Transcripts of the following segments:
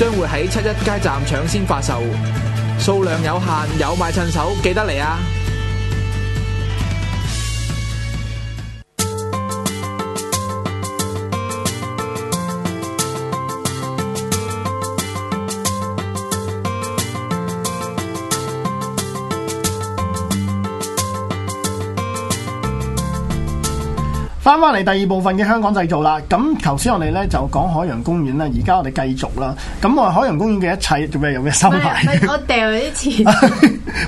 將會喺七一街站搶先發售，數量有限，有買趁手，記得嚟啊！返返嚟第二部分嘅香港製造啦，咁頭先我哋咧就講海洋公園啦，而家我哋繼續啦。咁我海洋公園嘅一切做咩有咩收埋，我掉咗啲錢。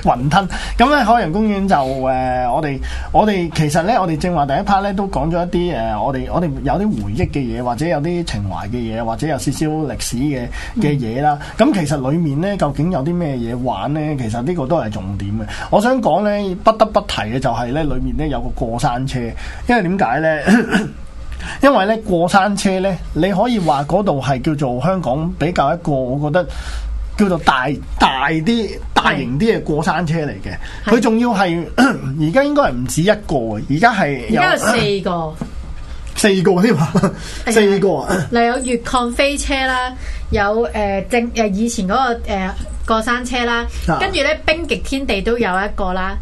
雲 吞咁咧，海洋公園就誒，我哋我哋其實咧，我哋正話第一 part 咧都講咗一啲誒，我哋我哋有啲回憶嘅嘢，或者有啲情懷嘅嘢，或者有少少歷史嘅嘅嘢啦。咁、嗯、其實裏面咧究竟有啲咩嘢玩咧？其實呢個都係重點嘅。我想講咧不得不提嘅就係咧裏面咧有個過山車，因為點解咧？ 因為咧過山車咧，你可以話嗰度係叫做香港比較一個，我覺得叫做大大啲、大型啲嘅過山車嚟嘅。佢仲、嗯、要係而家應該係唔止一個，而家係而家有，有四個、呃、四個，四個添啊，四個啊。嗱 有越礦飛車啦，有誒、呃、正誒、呃、以前嗰、嗰個誒、呃、過山車啦，跟住咧冰極天地都有一個啦。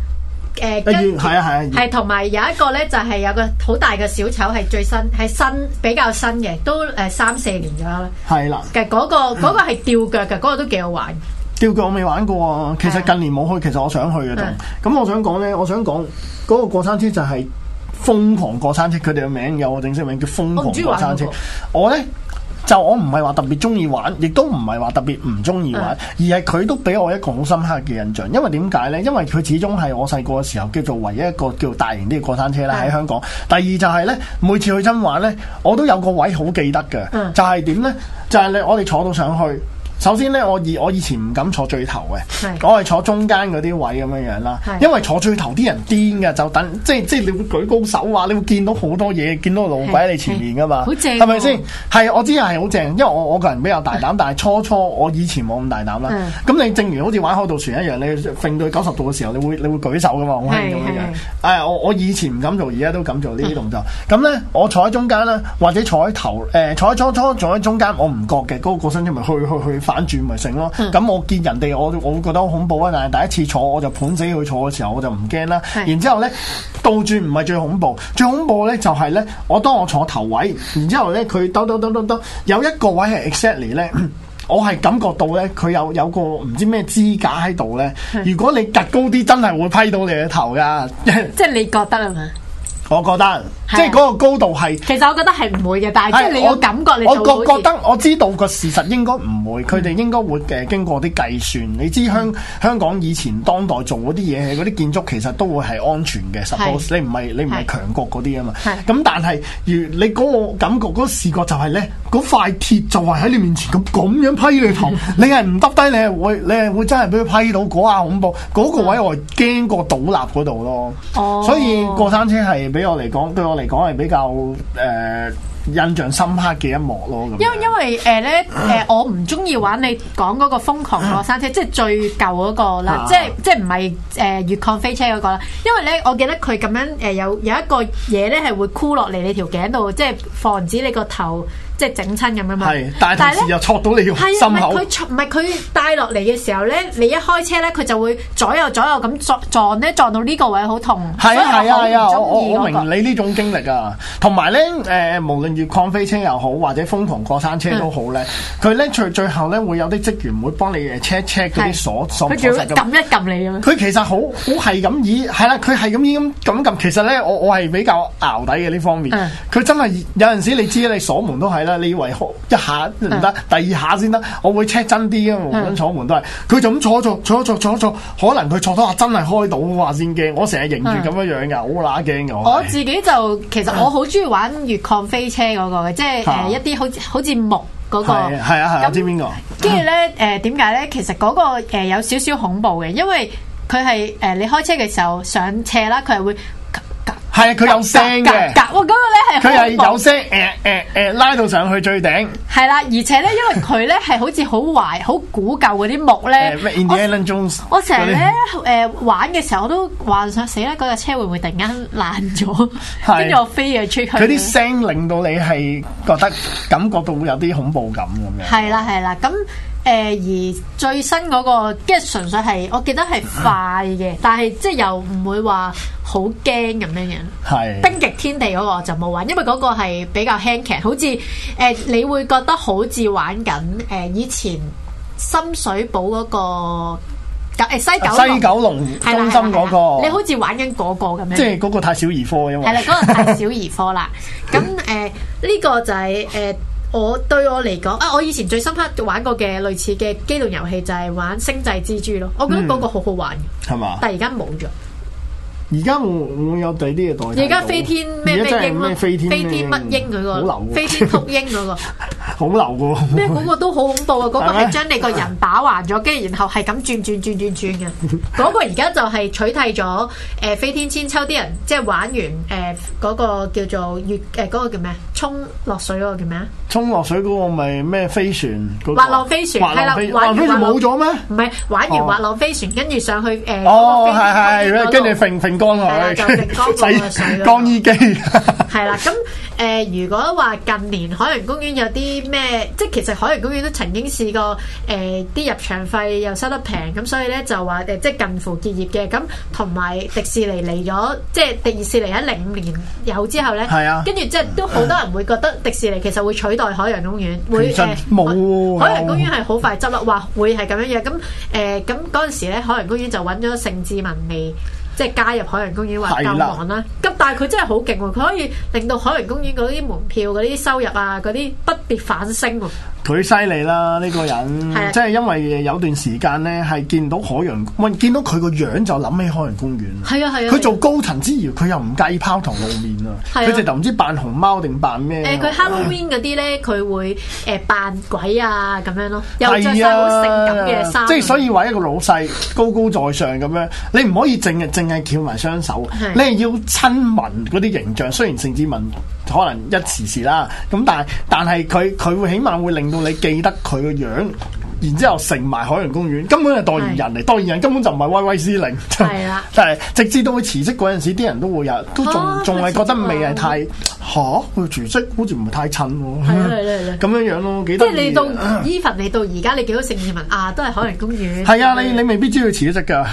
誒，嗯、跟住啊，係，係同埋有一個咧，就係、是、有個好大嘅小丑，係最新，係新比較新嘅，都誒三四年咗啦。係啦、嗯，其實嗰個嗰、那個係吊腳嘅，嗰、那個都幾好玩。吊腳我未玩過啊，其實近年冇去，啊、其實我想去嘅都。咁、啊、我想講咧，我想講嗰、那個過山車就係瘋狂過山車，佢哋嘅名有個正式名叫瘋狂過山車。我咧、那個。我呢就我唔係話特別中意玩，亦都唔係話特別唔中意玩，而係佢都俾我一個好深刻嘅印象。因為點解呢？因為佢始終係我細個嘅時候叫做唯一一個叫大型啲嘅過山車啦，喺香港。第二就係呢，每次去真玩呢，我都有個位好記得嘅。就係點呢？就係你我哋坐到上去。首先咧，我以我以前唔敢坐最頭嘅，是我係坐中間嗰啲位咁樣樣啦。是因為坐最頭啲人癲嘅，就等即即你會舉高手話，話你會見到好多嘢，見到個路軌喺你前面噶嘛，係咪先？係我知係好正，因為我我個人比較大膽，但係初初我以前冇咁大膽啦。咁是你正如好似玩海盜船一樣，你揈到九十度嘅時候，你會你會舉手噶嘛？我係咁樣樣。誒、哎，我我以前唔敢做，而家都敢做呢啲動作。咁咧，我坐喺中間啦，或者坐喺頭誒、呃，坐喺初初坐喺中間我，我唔覺嘅，嗰個身姿咪去去去，去，去反轉咪成咯，咁我見人哋我我會覺得好恐怖啊！但係第一次坐，我就盤死佢，坐嘅時候我就唔驚啦。然之後咧，倒轉唔係最恐怖，最恐怖咧就係咧，我當我坐頭位，然之後咧佢兜兜兜兜兜，有一個位係 exactly 咧，我係感覺到咧，佢有有個唔知咩支架喺度咧。如果你趌高啲，真係會批到你嘅頭噶。是 即係你覺得啊嘛？我覺得，即係嗰個高度係。其實我覺得係唔會嘅，但係即係你個感覺你，你覺我覺覺得我知道個事實應該唔會，佢哋、嗯、應該會嘅。經過啲計算，你知香香港以前當代做嗰啲嘢，嗰啲建築其實都會係安全嘅。十 u p 你唔係你唔係強國嗰啲啊嘛。咁、嗯、但係如你嗰個感覺嗰、那個、視覺就係咧，嗰塊鐵就係喺你面前咁咁樣批你頭，嗯、你係唔得低，你係會你係會真係俾佢批到嗰下恐怖，嗰、那個位我驚過倒立嗰度咯。哦、所以過山車係俾。俾我嚟講，對我嚟講係比較誒、呃、印象深刻嘅一幕咯。咁，因因為誒咧，誒、呃呃 呃、我唔中意玩你講嗰個瘋狂過山車， 即係最舊嗰、嗰個啦， 即係即係唔係誒越礦飛車嗰、嗰個啦。因為咧，我記得佢咁樣誒有、呃、有一個嘢咧係會箍落嚟你條頸度，即係防止你個頭。即係整親咁樣嘛，但係同時又挫到你要心口。佢唔係佢帶落嚟嘅時候咧？你一開車咧，佢就會左右左右咁撞撞咧，撞到呢個位好痛。係啊係、那個、啊係啊,啊，我,我明你呢種經歷啊。同埋咧，誒、呃，無論越礦飛車又好，或者瘋狂過山車都好咧，佢咧最最後咧會有啲職員會幫你誒 check check 嗰啲鎖鎖鎖撳一撳你咁樣。佢其實好好係咁以係啦，佢係咁以咁撳。其實咧，我我係比較淆底嘅呢方面。佢、嗯、真係有陣時，你知你鎖門都係啦。你以為開一下唔得，第二下先得？我會 check 真啲嘅，無論坐門都係，佢就咁坐坐坐坐坐，可能佢坐到下真係開到話先驚。我成日認住咁樣樣噶，好乸驚嘅。我，我自己就其實我好中意玩越礦飛車嗰、那個嘅，即係誒的、呃、一啲好似好似木嗰、那個。係啊係啊，我知邊個。跟住咧誒點解咧？其實嗰、那個、呃、有少少恐怖嘅，因為佢係誒你開車嘅時候上斜啦，佢係會。係佢有聲嘅，佢係有聲，誒誒誒，拉到上去最頂。係啦，而且咧，因為佢咧係好似好壞、好古舊嗰啲木咧。我成日咧，誒玩嘅時候，我都幻想死啦，嗰架車會唔會突然間爛咗，跟住我飛咗出去。佢啲聲令到你係覺得感覺到會有啲恐怖感咁樣。係啦，係啦，咁。誒、呃，而最新嗰，那個即係純粹係，我記得係快嘅，但係即係又唔會話好驚咁樣嘅。係《是的 冰極天地》嗰個就冇玩，因為嗰個係比較輕鬆，好似誒、呃、你會覺得好似玩緊誒、呃、以前深水埗嗰，那個九誒、哎、西九龍西九龍中心嗰，那個，你好似玩緊嗰個咁樣，即係嗰個太小兒科啊嘛。係啦，那個太小兒科啦。咁誒呢個就係、是、誒。呃呃我對我嚟講啊，我以前最深刻玩過嘅類似嘅機動遊戲就係玩《星際蜘蛛》咯。我覺得嗰個好好玩，係嘛、嗯？但係而家冇咗。而家我有第啲嘢代替。而家飛天咩咩咩飛天飛天乜鷹嗰個飛天鶴鷹嗰、那、好、個、流嘅咩？嗰個都好恐怖啊！嗰 個係將你個人打橫咗，跟住然後係咁轉轉轉轉轉嘅嗰 個。而家就係取締咗誒飛天千秋啲人，即係玩完誒嗰個叫做月誒嗰個叫咩啊？呃、沖落水嗰、嗰個水、嗰個、叫咩啊？沖落水嗰個咪咩飛船嗰個？滑浪飛船係啦，滑浪飛船冇咗咩？唔係玩完滑浪飛船，跟住上去誒海洋公園嗰邊嗰度，跟住揈揈乾落去洗乾衣機。係啦，咁誒，如果話近年海洋公園有啲咩，即係其實海洋公園都曾經試過誒，啲入場費又收得平，咁所以咧就話誒，即係近乎結業嘅。咁同埋迪士尼嚟咗，即係迪士尼喺零五年有之後咧，係啊，跟住即係都好多人會覺得迪士尼其實會取得。海洋公園會誒，啊、海洋公園係好快執笠，或會係咁樣樣。咁誒，咁嗰陣時咧，海洋公園就揾咗盛智文未？即係加入海洋公園或交皇啦。咁的但係佢真係好勁喎，佢可以令到海洋公園嗰啲門票、嗰啲收入啊、嗰啲不跌反升喎、啊。佢犀利啦，呢、這個人，啊、即係因為有段時間咧，係見到海洋，見到佢個樣就諗起海洋公園。係啊係啊，佢、啊啊、做高層之餘，佢又唔介意拋頭露面啊。係啊，佢就唔知扮熊貓定扮咩。誒，佢 Halloween 嗰啲咧，佢會誒扮鬼啊咁樣咯，又著曬好性感嘅衫、啊。即係所以話一個老細高高在上咁樣，你唔可以淨係淨係翹埋雙手，啊、你係要親民嗰啲形象，雖然盛智文。可能一時時啦，咁但係但係佢佢會起碼會令到你記得佢個樣，然之後成埋海洋公園根本係代言人嚟，代言是的 人根本就唔係威威司令。係啦，但係直至到佢辭職嗰陣時，啲人都會有，都仲仲係覺得未係太嚇佢、啊啊、辭職好，好似唔係太襯喎。係啊係啊係啊，咁 樣樣咯，幾得意即係你到 Eva，你到而家你幾多成員啊？都係海洋公園。係啊，你你未必知道佢辭咗職㗎。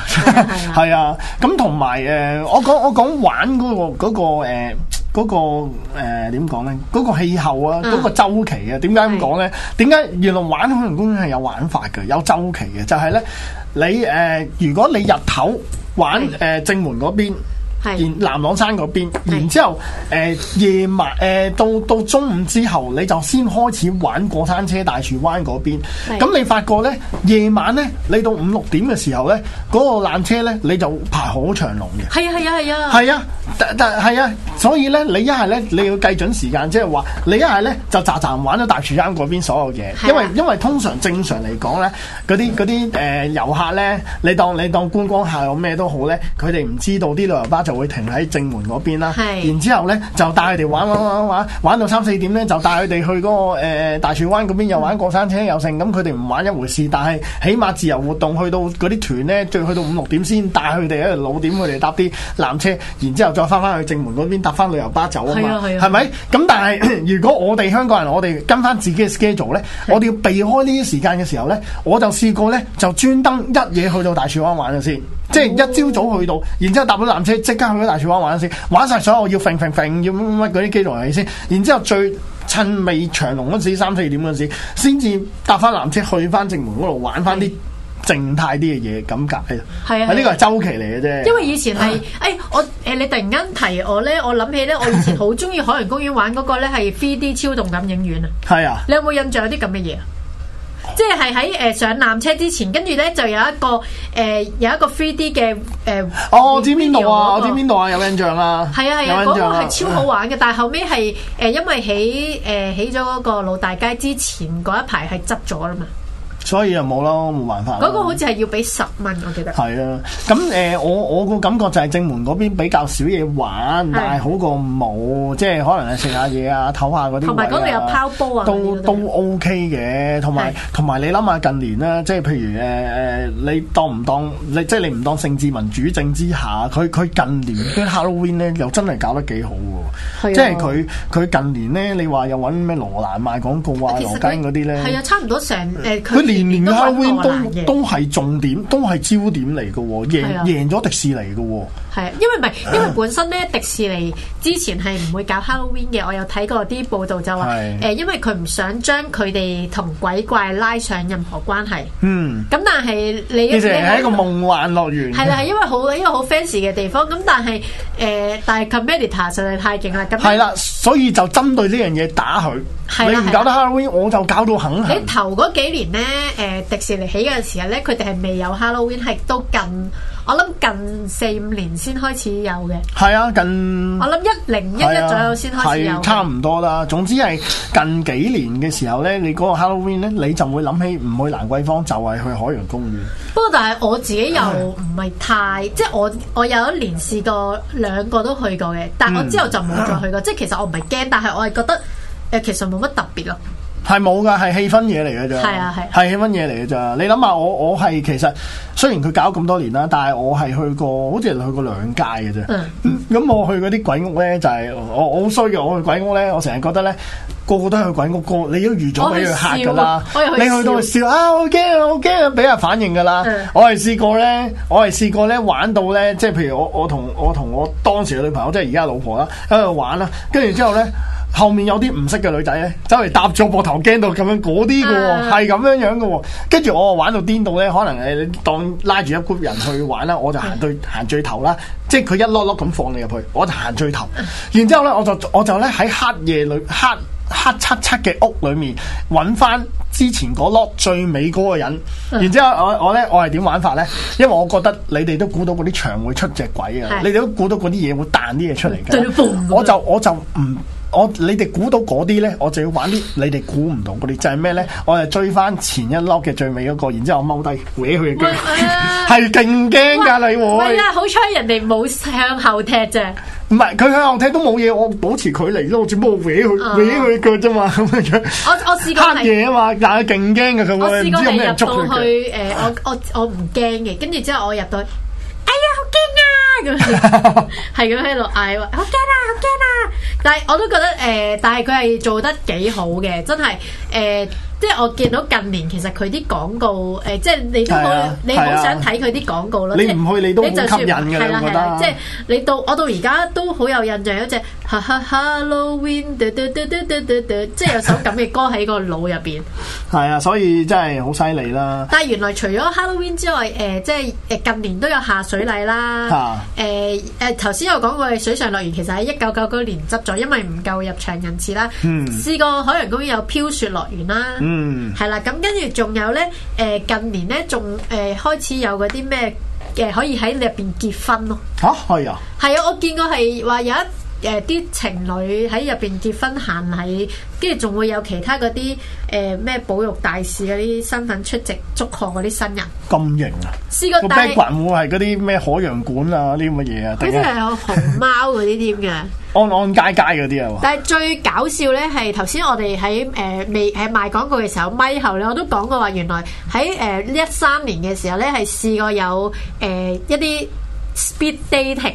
係啊，咁同埋誒，我講我講玩嗰、那個嗰、那個呃嗰、那個誒點講呢？嗰、呃那個、氣候啊，嗰、嗯、個週期啊，點解咁講呢？點解是的 原來玩海洋公園係有玩法嘅，有周期嘅？就係、是、呢，你誒、呃，如果你日頭玩誒、呃、正門嗰邊。然南朗山嗰邊，然之後，誒是、呃、夜晚誒、呃、到到中午之後，你就先開始玩過山車大樹灣嗰邊。咁是你發覺咧，夜晚咧，你到五六點嘅時候咧，嗰個纜車咧，你就排好長龍嘅。係啊係啊係啊！係啊，但但係啊，所以咧，你一係咧，你要計準時間，即係話你一係咧就紮紮玩咗大樹灣嗰邊所有嘢，啊、因為因為通常正常嚟講咧，啲啲誒遊客咧，你當你當觀光客有咩都好咧，佢哋唔知道啲旅遊巴，就會停喺正門嗰邊啦，是然之後呢，就帶佢哋玩玩玩玩玩，玩到三四點呢，就帶佢哋去嗰、嗰個、呃、大樹灣嗰邊又玩過山車又剩，咁佢哋唔玩一回事，但係起碼自由活動去到嗰啲團呢，最去到五六點先帶佢哋喺度老點佢哋搭啲纜車，然之後再翻翻去正門嗰邊搭翻旅遊巴走啊嘛，係咪、啊？咁、嗯、但係如果我哋香港人，我哋跟翻自己嘅 schedule 呢，啊、我哋要避開呢啲時間嘅時候呢，我就試過呢，就專登一嘢去到大樹灣玩咗先。即係一朝早去到，然之後搭到纜車，即刻去到大樹灣玩先，玩晒所有我要揈揈揈，要乜乜乜嗰啲機動遊戲先。然之後最趁未長龍嗰陣時，三四點嗰陣時,時，先至搭翻纜車去翻正門嗰度玩翻啲靜態啲嘅嘢，咁解。係文啊，呢的個係周期嚟嘅啫。因為以前係，誒文、hey, 我誒你突然間提我咧，我諗起咧，我以前好中意海洋公園玩嗰個咧係 3D 超動感影院啊。係啊，文你有冇印象有啲咁嘅嘢啊？即係喺誒上纜車之前，跟住咧就有一個誒、呃、有一個 3D 嘅誒。呃、哦，Video 我知邊度啊，嗰個、我知邊度啊，有印象啊。係啊，係嗰、啊、個係超好玩嘅，但係後尾係誒因為喺誒起咗嗰、呃、個老大街之前嗰一排係執咗啦嘛。所以就冇咯，冇辦法。嗰個好似係要俾十蚊，我記得。係啊，咁誒、呃，我我個感覺就係正門嗰邊比較少嘢玩，的但係好過冇，即係可能係食下嘢啊，唞下嗰啲、啊。同埋嗰度有拋波啊，都都 OK 嘅。同埋同埋你諗下近年啦，即係譬如誒誒、呃，你當唔當你即係你唔當政治民主政之下，佢佢近年佢 Halloween 咧又真係搞得幾好喎，的即係佢佢近年咧你話又搵咩羅蘭賣廣告啊，羅經嗰啲咧，係啊，差唔多成誒、呃年年嘅 Halloween 都都係重點，都係焦點嚟嘅，贏的贏咗迪士尼嘅。係啊，因為唔係因為本身咧 迪士尼之前係唔會搞 Halloween 嘅，我有睇過啲報道就話誒的、呃，因為佢唔想將佢哋同鬼怪拉上任何關係。嗯，咁但係你其實係一個夢幻樂園。係啦，係因為好因為好 fancy 嘅地方，咁但係誒、呃，但係 competitor 實在太勁啦。係啦，所以就針對呢樣嘢打佢。你唔搞得 Halloween，的我就搞到痕。你頭嗰幾年咧，誒、呃、迪士尼起嘅時候咧，佢哋係未有 Halloween？係都近，我諗近四五年先開始有嘅。係啊，近。我諗一零一一左右先開始有。差唔多啦，總之係近幾年嘅時候咧，你嗰個 Halloween 咧，你就會諗起唔去蘭桂坊，就係、是、去海洋公園。不過，但係我自己又唔係太，唉即係我我有一年試過兩個都去過嘅，但係我之後就冇再去過。即係、嗯、其實我唔係驚，但係我係覺得。誒，其實冇乜特別咯，係冇噶，係氣氛嘢嚟噶咋。係啊係，係氣氛嘢嚟噶咋？你諗下，我我係其實雖然佢搞咁多年啦，但係我係去過，好似係去過兩屆嘅啫。嗯，嗯，咁我去嗰啲鬼屋咧，就係，我我好衰嘅，我去鬼屋咧，我成日覺得咧。個個都去鬼屋㗎，你都預咗俾佢嚇噶啦！去你去到笑啊，好驚好驚，俾人反應噶啦、嗯！我係試過咧，我係試過咧玩到咧，即係譬如我我同我同我當時嘅女朋友，即係而家老婆啦，喺度玩啦，跟住之後咧，後面有啲唔識嘅女仔咧，走嚟搭咗膊頭，驚到咁樣嗰啲嘅喎，係咁、嗯、樣樣嘅喎，跟住我玩到癲到咧，可能誒當拉住一 group 人去玩啦，我就行最行最頭啦，即係佢一粒粒咁放你入去，我就行最頭。然之後咧，我就我就咧喺黑夜裏黑。黑黑漆漆嘅屋裏面，揾翻之前嗰粒最尾嗰個人，然之後我我咧我係點玩法咧？因為我覺得你哋都估到嗰啲牆會出隻鬼啊，是你哋都估到嗰啲嘢會彈啲嘢出嚟嘅，我就我就唔。我你哋估到嗰啲咧，我就要玩啲你哋估唔到嗰啲，就係咩咧？我就追翻前一粒嘅最尾嗰個，然之後踎低搲佢嘅腳，係勁驚噶你會。係啦、啊，好彩人哋冇向後踢啫。唔係佢向後踢都冇嘢，我保持距離咯。我只不過搲佢搲佢腳啫嘛。咁樣、啊、 我我試過係。攤嘢啊嘛，但係勁驚噶佢，我試過人入到去誒，我我我唔驚嘅。跟住之後我入到，哎呀、呃、好驚啊！係咁喺度嗌，好驚啊，好驚啊！但係我都覺得誒、呃，但係佢係做得幾好嘅，真係誒。呃即係我見到近年其實佢啲廣告，誒，即係你都好，你好想睇佢啲廣告咯。你唔去你都好吸引㗎，我覺得。即係你到我到而家都好有印象，有一隻 Halloween，即係有首咁嘅歌喺個腦入邊。係啊，所以真係好犀利啦！但係原來除咗 Halloween 之外，誒，即係近年都有下水禮啦。誒誒，頭先有講過水上樂園其實喺一九九九年執咗，因為唔夠入場人次啦。嗯，試過海洋公園有飄雪樂園啦。嗯，係啦，咁跟住仲有咧，誒，近年咧仲誒開始有嗰啲咩，誒可以喺入邊結婚咯。吓係啊，係啊，啊，我見過係話有一誒啲情侶喺入邊結婚行禮，跟住仲會有其他嗰啲誒咩保育大使嗰啲身份出席祝賀嗰啲新人。咁型啊！個 bag 群會係嗰啲咩海洋館啊啲咁嘅嘢啊？嗰啲係熊貓嗰啲添嘅。安安街街嗰啲啊！但係最搞笑咧，係頭先我哋喺誒未喺賣廣告嘅時候，咪後咧我都講過話，原來喺誒一三年嘅時候咧，係試過有誒一啲 speed dating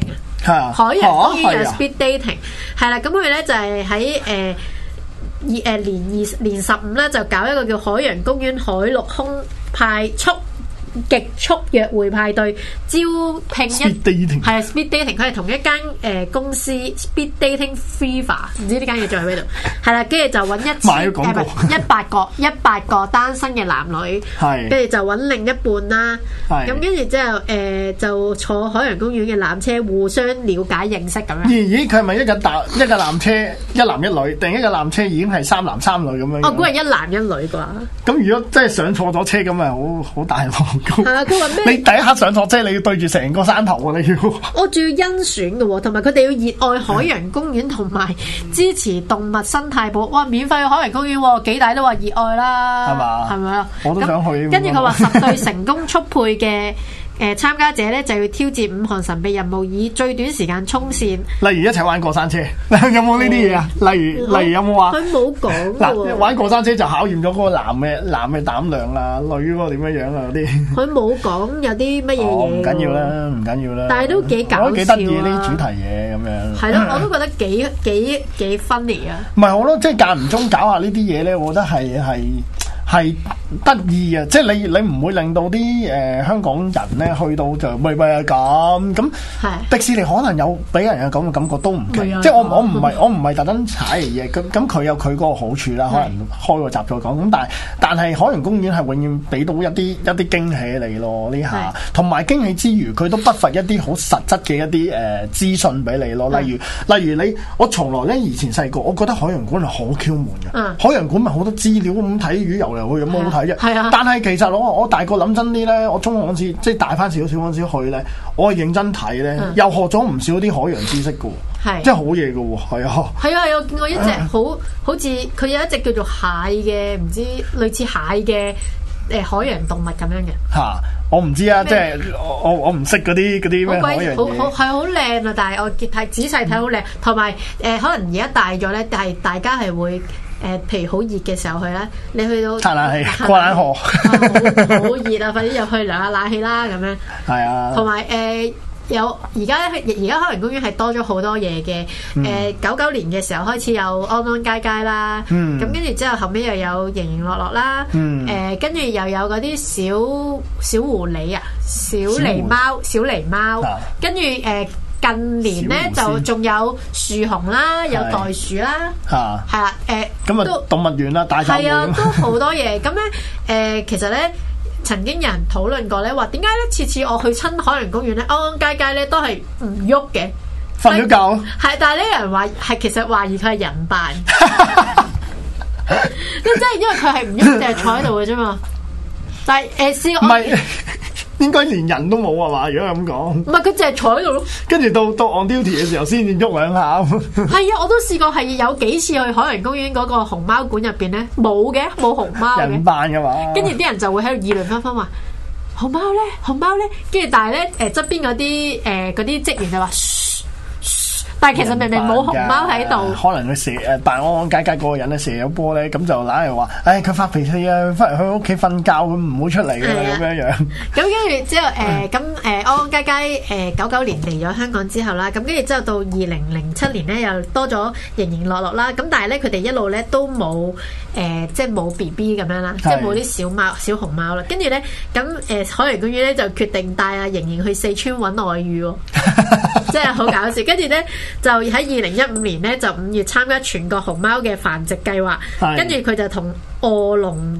啊，海洋公園嘅 speed dating 係啦，咁佢咧就係喺誒二誒年二年十五咧，就搞一個叫海洋公園海陸空派速。極速約會派對招聘，一係啊 speed dating，佢係同一間誒公司 speed dating fever，唔知呢間嘢仲喺邊度？係啦，跟住就搵一千誒唔係一百個一百個單身嘅男女，係跟住就搵另一半啦。咁跟住之後誒就坐海洋公園嘅纜車互相了解認識咁樣。咦咦，佢係咪一個搭一個纜車一男一女，定一個纜車已經係三男三女咁樣？我估係一男一女啩。咁如果真係上錯咗車咁咪好好大鑊？係啊！佢話咩？你第一刻上坐即係，你要對住成個山頭啊！你要 我仲要甄選噶，同埋佢哋要熱愛海洋公園同埋支持動物生態保。哇！免費去海洋公園，幾大都話熱愛啦，係嘛吧？係咪啊？我都想去。跟住佢話十對成功速配嘅。 誒，參加者咧就要挑戰五項神秘任務，以最短時間衝線。例如一齊玩過山車，有冇呢啲嘢啊？例如，例如有冇啊？佢冇講。嗱，玩過山車就考驗咗嗰個男嘅男嘅膽量啦，女嗰個點樣樣啊？嗰啲。佢冇講有啲乜嘢嘢。哦，唔緊要啦，唔緊要啦。但係都幾搞笑啊！幾得意啲主題嘢咁樣。係咯，我都覺得幾幾幾 funny 啊。唔係，我咯，即係間唔中搞下呢啲嘢咧，我覺得係係。係得意啊！即係你你唔會令到啲誒、呃、香港人咧去到就喂喂啊咁咁。是的 迪士尼可能有俾人嘅咁嘅感覺都唔緊。即係我、哦嗯、我唔係我唔係特登踩嚟嘅。咁咁佢有佢個好處啦。可能開個閘再講咁，但係但係海洋公園係永遠俾到一啲一啲驚喜你咯呢下。同埋驚喜之餘佢都不乏一啲好實質嘅一啲誒資訊俾你咯。例如是的 例如你我從來咧以前細個我覺得海洋館係好 Q 悶嘅。海洋館咪好多資料咁睇魚遊。又會咁好睇啫，啊啊、但係其實我我大個諗真啲咧，我中學嗰時即係大翻少少少嗰陣時去咧，我係認真睇咧，嗯、又學咗唔少啲海洋知識嘅，即係好嘢嘅喎，係啊，係啊，啊，我見過一隻好好似佢有一隻叫做蟹嘅，唔知類似蟹嘅誒、呃、海洋動物咁樣嘅嚇、啊，我唔知啊，麼即係我我我唔識嗰啲啲咩海洋好好係好靚啊，但係我睇仔細睇好靚，同埋誒可能而家大咗咧，係大家係會。誒、呃，譬如好熱嘅時候去啦，你去到擦冷氣、過冷河，好熱啊！ 快啲入去涼下冷氣啦，咁樣。係啊。同埋誒，有而家呢而家海洋公園係多咗好多嘢嘅。誒、呃，九九年嘅時候開始有安安街街啦，咁跟住之後後尾又有盈盈樂樂啦。誒、嗯，跟住、嗯、又有嗰啲小小狐狸啊，小狸貓、小狸貓，跟住誒。呃呃近年咧就仲有樹熊啦，有袋鼠啦，係啊，誒、啊，都動物園啦，大係啊，都好多嘢。咁咧，誒、呃，其實咧，曾經有人討論過咧，話點解咧，次次我去親海洋公園咧，安安佳佳咧都係唔喐嘅。瞓咗覺係，但係呢人話係，其實懷疑佢係人扮。即係 因為佢係唔喐，淨係坐喺度嘅啫嘛。但係誒，試唔係應該連人都冇啊嘛？如果咁講，唔係佢淨係坐喺度咯，跟住到到 on duty 嘅時候先至喐兩下。係啊， 我都試過係有幾次去海洋公園嗰個熊貓館入邊咧，冇嘅，冇熊貓。人扮嘅嘛，跟住啲人就會喺度議論紛紛話熊貓咧，熊貓咧，跟住但係咧誒，側、呃、邊嗰啲誒嗰啲職員就話。但係其實明明冇熊貓喺度，可能佢蛇誒，但係安安佳佳嗰個人咧射有玻璃，咁就懶係話，誒、哎、佢發脾氣啊，翻嚟佢屋企瞓覺咁，唔好出嚟㗎咁樣樣。咁跟住之後誒，咁誒安安佳佳，誒、呃、九九年嚟咗香港之後啦，咁跟住之後到二零零七年咧，又多咗盈盈樂樂啦。咁但係咧，佢哋一路咧都冇誒，即係冇 B B 咁樣啦，即係冇啲小貓小熊貓啦。跟住咧，咁誒海洋公園咧就決定帶阿盈盈去四川揾外遇，即係好搞笑， 呢。跟住咧。就喺二零一五年咧，就五月參加全國熊貓嘅繁殖計劃，是跟住佢就同臥龍，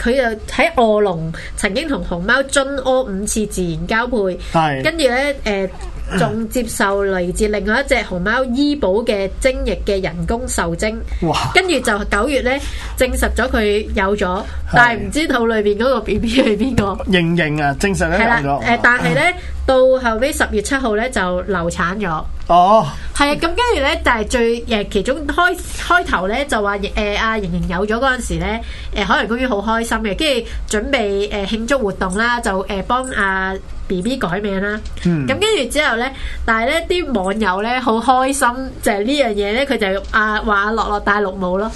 佢就喺臥龍曾經同熊貓津屙五次自然交配，是跟住咧，誒、呃、仲接受嚟自另外一隻熊貓醫保嘅精液嘅人工受精，嘩跟住就九月咧，證實咗佢有咗，是但係唔知肚裏邊嗰個 BB 係邊個？認認啊，證實咧有咗，但係咧到後尾十月七號咧就流產咗。哦，係啊、oh,，咁跟住咧就係最誒其中開開頭咧就話誒阿盈盈有咗嗰陣時咧，誒海洋公園好開心嘅，跟住準備誒慶、欸、祝活動啦，就誒幫阿。欸 B B 改名啦，咁跟住之後咧，但係咧啲網友咧好開心，就係、呢樣嘢咧，佢就啊話阿樂樂戴綠帽咯，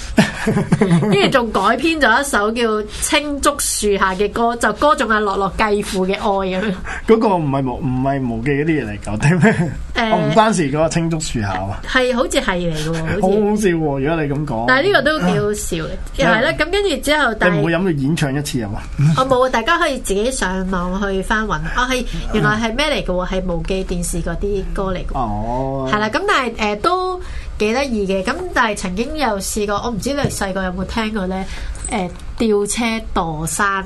跟住仲改編咗一首叫青竹樹下嘅歌，就歌中阿樂樂繼父嘅愛咁、啊、嗰個唔係無唔係無記嗰啲嘢嚟搞聽咩？我唔、欸哦、關事噶，青竹樹下係好似係嚟噶，好，好好笑、哦。如果你咁講，但係呢個都幾好笑嚟，係啦、啊。咁跟住之後，但係你唔會飲佢演唱一次係嘛？ 我冇，大家可以自己上網上去翻揾。原來係咩嚟嘅喎？係無記電視嗰啲歌嚟嘅，哦、oh.，係啦。咁、呃、但係誒都幾得意嘅。咁但係曾經有試過，我唔知你細個有冇聽過咧。誒、呃、吊車墮山，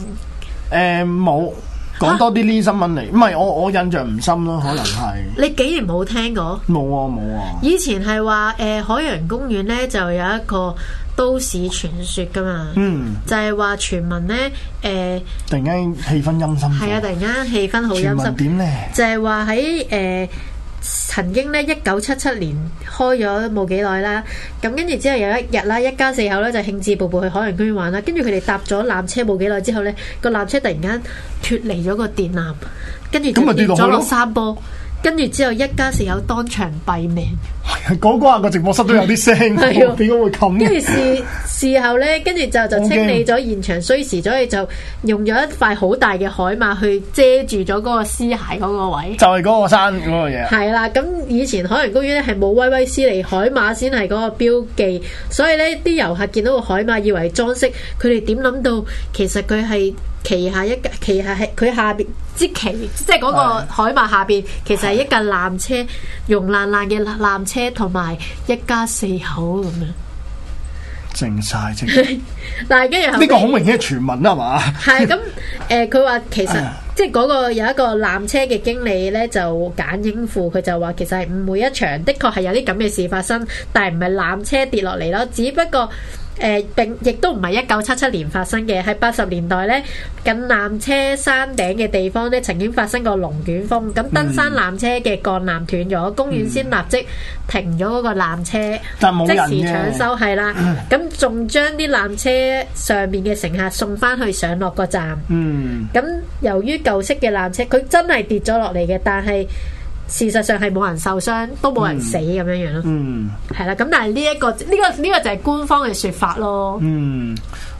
誒冇、呃。講多啲呢新聞嚟，唔係、啊、我我印象唔深咯，可能係。你竟然冇聽過？冇啊冇啊！啊以前係話誒海洋公園咧就有一個都市傳說㗎嘛，嗯，就係話傳聞咧誒。呃、突然間氣氛陰森。係啊！突然間氣氛好陰森。點咧？就係話喺誒。呃曾經咧，一九七七年開咗冇幾耐啦，咁跟住之後有一日啦，一家四口咧就興致勃勃去海洋公園玩啦，跟住佢哋搭咗纜車冇幾耐之後咧，個纜車突然間脫離咗個電纜，跟住就跌咗落山坡。跟住之後，一家四口當場斃命。嗰個啊個直播室都有啲聲，點解會咁？跟住事事後咧，跟住就就清理咗現場，衰事，所以就用咗一塊好大嘅海馬去遮住咗嗰個屍骸嗰個位。就係嗰個山嗰個嘢。係啦，咁以前海洋公園咧係冇威威斯尼，海馬先係嗰個標記，所以咧啲遊客見到個海馬以為裝飾，佢哋點諗到其實佢係。旗下一架旗下係佢下邊之旗，即係嗰個海馬下邊，的其實係一架纜車，融爛爛嘅纜車同埋一家四口咁樣，正晒正，但係跟住呢個好明顯嘅傳聞啦嘛，係咁誒，佢、呃、話其實 即係嗰個有一個纜車嘅經理咧，就揀應付，佢就話其實係每一場的確係有啲咁嘅事發生，但係唔係纜車跌落嚟咯，只不過。誒、呃、亦都唔係一九七七年發生嘅，喺八十年代呢，近纜車山頂嘅地方咧，曾經發生過龍捲風。咁登山纜車嘅鋼纜斷咗，嗯、公園先立即停咗嗰個纜車，即時搶修，係啦。咁仲將啲纜車上面嘅乘客送翻去上落個站。咁、嗯、由於舊式嘅纜車，佢真係跌咗落嚟嘅，但係。事實上係冇人受傷，都冇人死咁樣樣咯。嗯，係啦。咁但係呢一個呢、呢個呢、呢個就係官方嘅説法咯。嗯，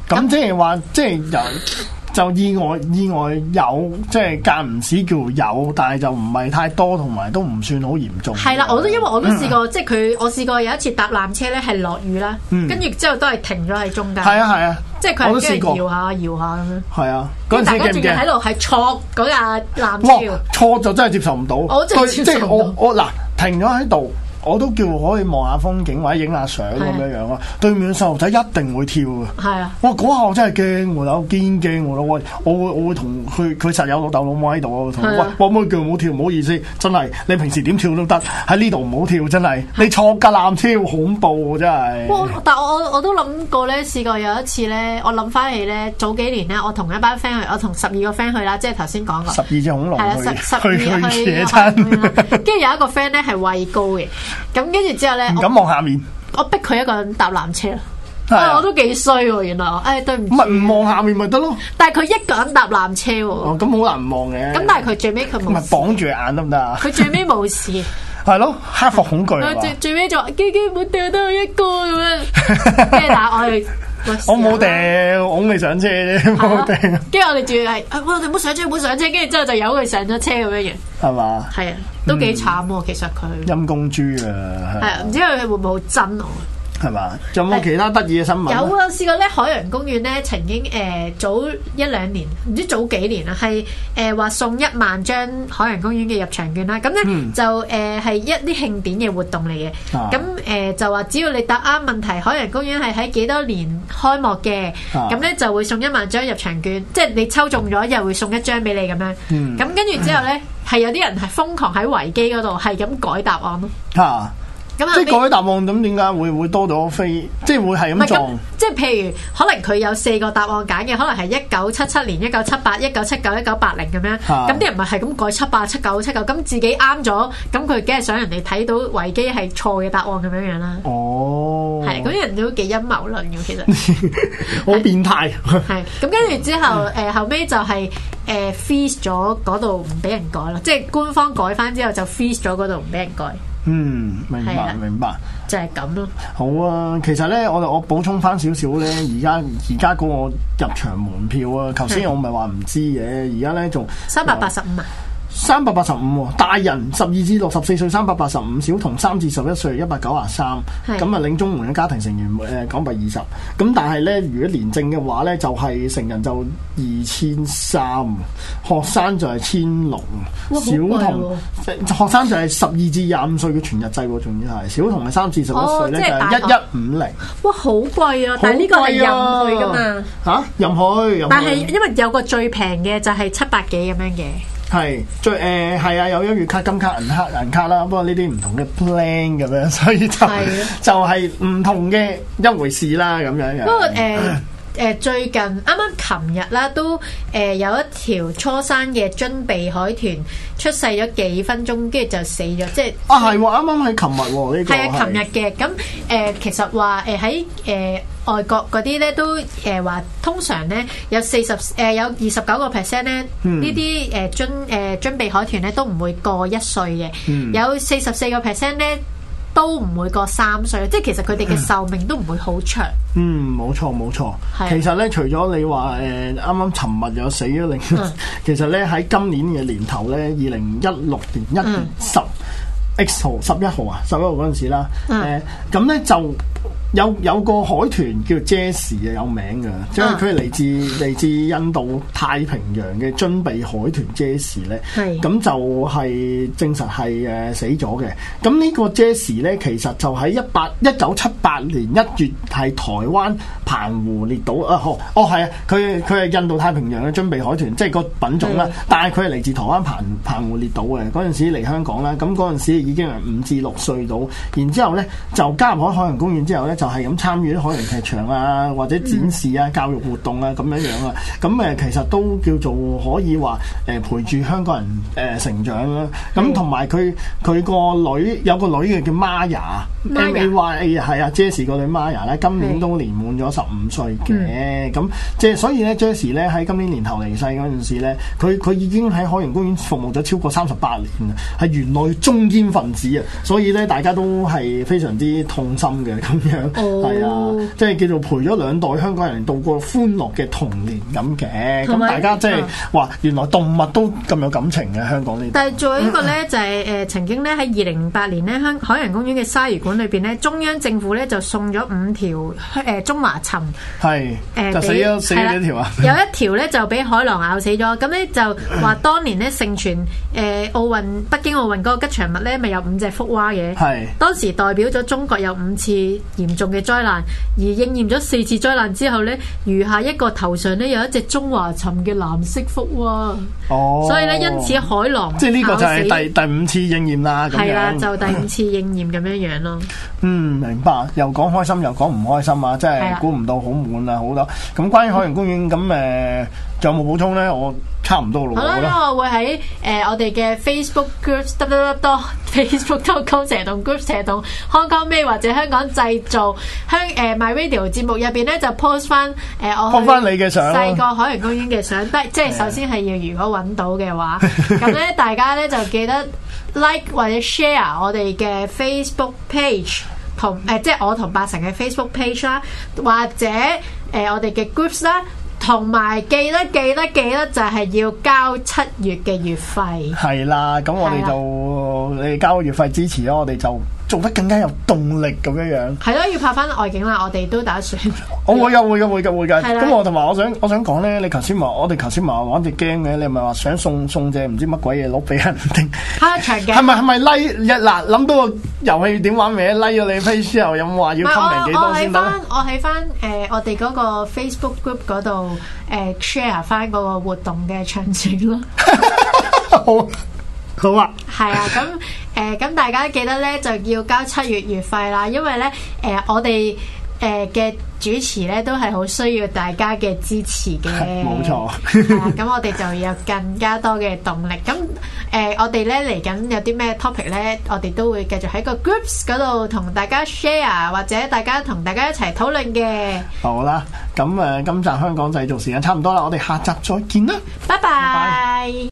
咁即係話即係有。 就意外意外有，即係間唔時叫有，但係就唔係太多，同埋都唔算好嚴重。係啦，我都因為我都試過，嗯、即係佢我試過有一次搭纜車咧，係落雨啦，跟住之後都係停咗喺中間。係啊係啊，即係佢係驚搖下搖下咁樣。係啊，嗰次記唔記得？喺度係挫嗰架纜車。哇，挫就真係接受唔到。我最以即係我、嗯、我嗱停咗喺度。我都叫可以望下風景或者影下相咁樣樣咯。對面嘅細路仔一定會跳嘅。係啊的！哇，嗰下我真係驚喎，有堅驚喎，我我，我會我會同佢佢實有老豆老母喺度啊，同佢話：我冇腳冇跳，唔好意思，真係你平時點跳都得，喺呢度唔好跳，真係你坐架纜車好恐怖，真係。但我我都諗過咧，試過有一次咧，我諗翻起咧早幾年咧，我同一班 friend 去，我同十二個 friend 去啦，即係頭先講過。十二隻恐龍去去野餐，跟住 有一個 friend 咧係畏高嘅。咁跟住之後咧，唔敢望下面，我逼佢一個人搭纜車，啊，我都幾衰喎，啊，原來，哎，對唔住。唔望下面咪得咯，但係佢一個人搭纜車，啊，哦，咁好難望嘅。咁但係佢最尾，佢唔係綁住眼得唔得啊？佢最尾冇事，係 咯，克服恐懼。 最最尾就仲璣璣冇掉到一個，跟住 打我去。我冇掟、哎，我㧬上車啫，冇掟。跟住我哋住要係，我哋冇上車，冇上車。跟住之後就由佢上咗車咁樣嘅，係嘛吧？係啊，都幾慘啊，嗯、其實佢陰公豬啊，係啊，唔知佢會唔會好憎我。係嘛？仲有冇其他得意嘅新聞？有啊，試過咧，海洋公園咧曾經誒、呃、早一兩年，唔知早幾年啦，係誒話送一萬張海洋公園嘅入場券啦。咁咧、嗯、就誒係、呃、一啲慶典嘅活動嚟嘅。咁誒、啊嗯嗯、就話只要你答啱問題，海洋公園係喺幾多年開幕嘅，咁咧、啊、就會送一萬張入場券，即係你抽中咗又會送一張俾你咁樣。咁跟住之後咧，係有啲人係瘋狂喺維基嗰度係咁改答案咯。啊！啊啊即改答案咁點解會會多咗飛？即係會係咁做？即係譬如可能佢有四個答案揀嘅，可能係一九七七年、一九七八、一九七九、一九八零咁樣。咁啲、啊、人咪係咁改七八、七九、七九，咁自己啱咗，咁佢梗係想人哋睇到維基係錯嘅答案咁樣樣啦。哦，係咁啲人都幾陰謀論嘅，其實好 變態。係咁跟住之後，誒、呃、後尾就係誒 freeze 咗嗰度唔俾人改咯，即係官方改翻之後就 freeze 咗嗰度唔俾人改。嗯，明白的明白，就係咁咯。好啊，其實咧，我哋我補充翻少少咧，而家而家嗰個入場門票啊，頭先我咪話唔知嘅，而家咧仲三百八十五啊。三百八十五，5，大人十二至六十四歲三百八十五，5，小童三至十一歲一百九廿三，咁啊是領綜援嘅家庭成員誒減百二十。咁但係呢，如果年證嘅話呢，就係、是、成人就二千三，學生就係千六，小童、哦50，哦、學生就係十二至廿五歲嘅全日制，仲要係小童係三至十一歲呢，就係一一五零。哇，好貴啊！貴啊，但係呢個係任去噶嘛？吓、啊，任去。任，但係因為有個最平嘅就係七百幾咁樣嘅。係最誒係啊，有一月卡、金卡、銀卡、銀卡啦。不過呢啲唔同嘅 plan 咁樣，所以就是的 就係唔同嘅一回事啦。咁的樣，不過誒。呃誒最近啱啱琴日啦，都誒、呃、有一條初生嘅樽鼻海豚出世咗幾分鐘，跟住就死咗，即係啊，係喎、啊，啱啱係琴日喎，呢個係啊，琴日嘅，咁誒其實話誒喺誒外國嗰啲咧都誒話通常咧有四十誒有二十九個 percent 咧呢啲誒樽誒樽鼻海豚咧都唔會過一歲嘅，嗯、有四十四個 percent 咧。呢都唔會過三歲，即係其實佢哋嘅壽命都唔會好長。嗯，冇錯冇錯，其實咧，除咗你話誒，啱啱尋日有死咗你，其實咧喺今年嘅年頭咧，二零一六年一月十 X 號十一號啊，十一號嗰陣時啦，誒、嗯，咁咧、呃、就。有有個海豚叫做 Jazz 啊，有名嘅，因為佢係嚟自嚟自印度太平洋嘅樽鼻海豚 Jazz 咧，咁的就係證實係誒死咗嘅。咁呢個 Jazz 咧，其實就喺一八一九七八年一月喺台灣澎湖列島啊，哦哦係啊，佢佢係印度太平洋嘅樽鼻海豚，即係個品種啦。的但係佢係嚟自台灣澎澎湖列島嘅，嗰陣時嚟香港啦。咁嗰陣時已經係五至六歲到，然之後咧就加入海海洋公園之後咧。就係咁參與啲海洋劇場啊，或者展示啊、教育活動啊咁樣樣啊，咁誒其實都叫做可以話誒陪住香港人誒成長啦。咁同埋佢佢個女有個女嘅叫 Maya，媽呀？係啊，Jessie 個女 Maya 咧今年都年滿咗十五歲嘅。咁即係所以咧 Jessie 咧喺今年年頭離世嗰陣時咧，佢佢已經喺海洋公園服務咗超過三十八年啊，係園內中堅分子啊，所以咧大家都係非常之痛心嘅咁樣。係啊，即係叫做陪咗兩代香港人度過歡樂嘅童年咁嘅，咁大家即係話原來動物都咁有感情嘅香港呢？但係仲有一個咧，就係誒曾經咧喺二零零八年咧，香海洋公園嘅鯊魚館裏邊咧，中央政府咧就送咗五條誒中華鱘，係就死咗死咗幾條啊？有一條咧就俾海狼咬死咗，咁咧就話當年咧盛傳誒奧運北京奧運嗰個吉祥物咧，咪有五隻福娃嘅，係當時代表咗中國有五次嚴重嘅災難，而應驗咗四次災難之後呢，餘下一個頭上咧有一隻中華鱘嘅藍色福啊！哦，所以呢，因此海浪，即係呢個就係第第五次應驗啦。係啦，啊，就第五次應驗咁樣樣咯。嗯，明白。又講開，開心，又講唔開心啊！真係估唔到好悶啊，好多，嗯。咁關於海洋公園咁誒，仲有冇補充呢？我差唔多咯。好啦，咁我會喺誒我哋嘅 Facebook Groups 多多多，Facebook.com 成棟 Groups 成棟，Hong Kong Made 或者香港製造香誒 My Radio 節目入邊咧就 post 翻誒我 post 翻你嘅相，細個海洋公園嘅相。得即係首先係要如果揾到嘅話，咁咧大家咧就記得 like 或者 share 我哋嘅 Facebook page 同誒，即係我同八神嘅 Facebook page 啦，或者誒我哋嘅 Groups 啦。同埋記得記得記得就係要交七月嘅月費。係啦，咁我哋就 你哋交月費支持咯，我哋就。做得更加有動力咁樣樣，係咯，要拍翻外景啦，我哋都打算。我會啊，會嘅，會嘅，會嘅。咁我同埋我想，我想講咧，你頭先話，我哋頭先話玩隻驚嘅，你係咪話想送送隻唔知乜鬼嘢攞俾人聽？嚇長嘅係咪係咪 like？嗱諗到個遊戲點 小 prejudice、like, 玩未啊？like 咗你 Facebook 又冇話要發明幾多先得？我喺翻，我喺翻誒，我哋嗰個 Facebook group 嗰度誒 share 翻嗰個活動嘅詳情咯。好啊，係 啊，咁誒，咁、呃、大家記得咧就要交七月月費啦，因為咧誒、呃，我哋誒嘅主持咧都係好需要大家嘅支持嘅，冇錯 沒錯笑、啊。咁我哋就有更加多嘅動力。咁誒、呃，我哋咧嚟緊有啲咩 topic 咧，我哋都會繼續喺個 groups 嗰度同大家 share，或者大家同大家一齊討論嘅。好啦，咁誒、呃，今集香港製造時間差唔多啦，我哋下集再見啦，拜拜。